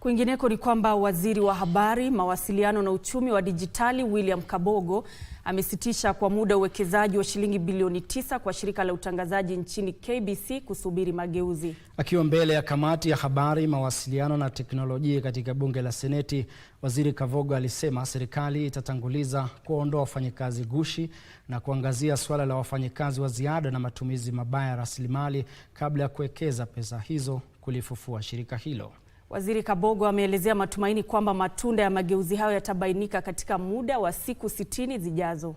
Kwingineko ni kwamba waziri wa habari, mawasiliano na uchumi wa dijitali William Kabogo amesitisha kwa muda uwekezaji wa shilingi bilioni tisa kwa shirika la utangazaji nchini KBC kusubiri mageuzi. Akiwa mbele ya kamati ya habari, mawasiliano na teknolojia katika bunge la Seneti, waziri kavogo alisema serikali itatanguliza kuondoa wafanyakazi gushi na kuangazia suala la wafanyakazi wa ziada na matumizi mabaya ya rasilimali kabla ya kuwekeza pesa hizo kulifufua shirika hilo. Waziri Kabogo ameelezea matumaini kwamba matunda ya mageuzi hayo yatabainika katika muda wa siku sitini zijazo.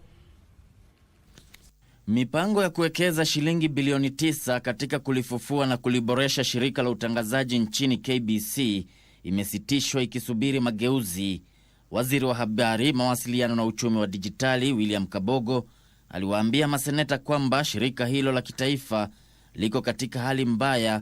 Mipango ya kuwekeza shilingi bilioni tisa katika kulifufua na kuliboresha shirika la utangazaji nchini KBC imesitishwa ikisubiri mageuzi. Waziri wa habari, mawasiliano na uchumi wa dijitali William Kabogo aliwaambia maseneta kwamba shirika hilo la kitaifa liko katika hali mbaya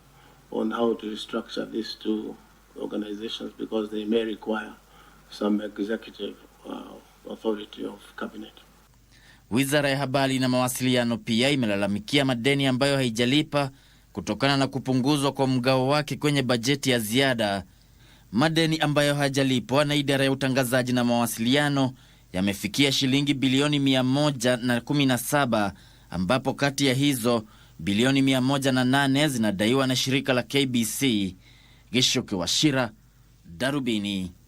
on how to restructure these two organizations because they may require some executive uh, authority of cabinet. Wizara ya Habari na Mawasiliano pia imelalamikia madeni ambayo haijalipa kutokana na kupunguzwa kwa mgao wake kwenye bajeti ya ziada. Madeni ambayo hajalipwa na idara ya utangazaji na mawasiliano yamefikia shilingi bilioni 117 ambapo kati ya hizo bilioni 108 zinadaiwa na shirika la KBC. Gishuki Washira, Darubini.